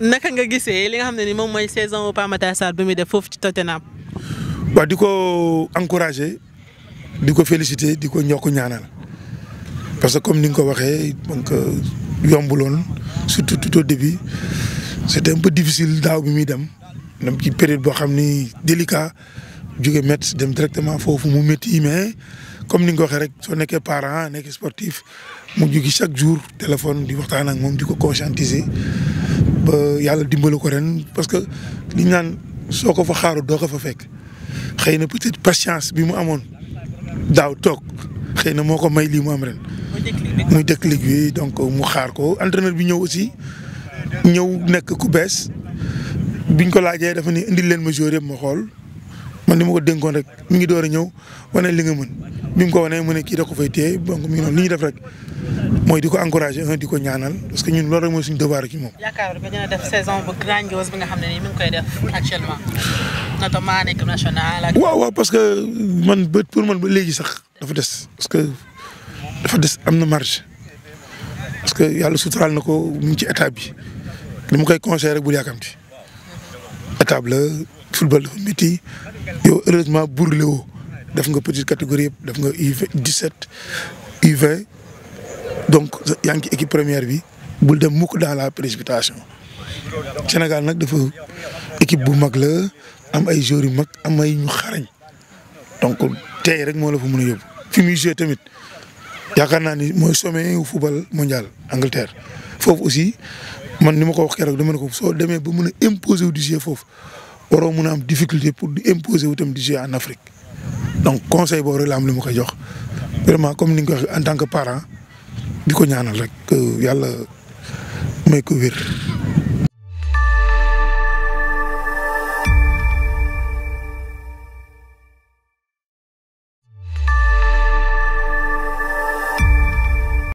naka nga gisee li nga xam ne ni moom mooy saison Pape Matar Sarr bi muy def foofu ci Tottenham. waaw di ko encourager di ko féliciter di ko ñokk ñaanal parce que comme ni nga ko waxee donc yombuloon surtout tout au début c'était un peu difficile daaw bi muy dem dem ci période boo xam ni délicat. jóge métti dem directement fofu mu métti mais comme ni nga ko waxee rek so nekkee parent nekk sportif mu jógi chaque jour téléphone di waxtaan ak mom diko conscientiser ba yalla dimbali ko ren parce que li ñaan soko fa xaru do ko fa fek xeyna petite patience bi mu amone daw tok xeyna moko may li mu am ren. muy déclic wi donc mu xaar ko entraîneur bi ñew aussi ñew nekk ku bes biñ ko laajee dafa ni indil len ma jour yeb ma xol man ni ma ko dénkoon rek mi ngi door a ñëw wane li nga mën bi mu ko wane mu ne kii da ko fay téye donc mi ngi noonu li ñu def rek mooy di ko encouragé un di ko ñaanal parce que ñun loolu rek mooy suñu devoir ci moom. yaakaar nga dina parce que man ba pour man ba léegi sax dafa des parce que dafa des am na marge parce que yàlla suturaal na ko mu ngi ci état bi li mu koy conseillé rek bul yàkkamti table la football dafa métti yow heureusement bourlé woo def nga petite catégorie yëpp def nga U 17 U20 donc yaa équipe première bi bul dem mukk dans la précipitation Sénégal nag dafa équipe bu mag la am ay joueurs yu mag am ay ñu xarañ donc tey rek moo la fa mën a yóbbu fi muy tamit yaakaar naa ni mooy sommet wu football mondial Angleterre foofu aussi man ni ma ko wax keroog dama ne ko soo demee ba mun a imposer wu di jouer foofu waroo mën a am difficulté pour di imposer wu tam di jouer en Afrique donc conseil boobu rek am li ma koy jox. vraiment comme ni nga ko waxee en tant que parent di ko ñaanal rek yàlla may ko wér.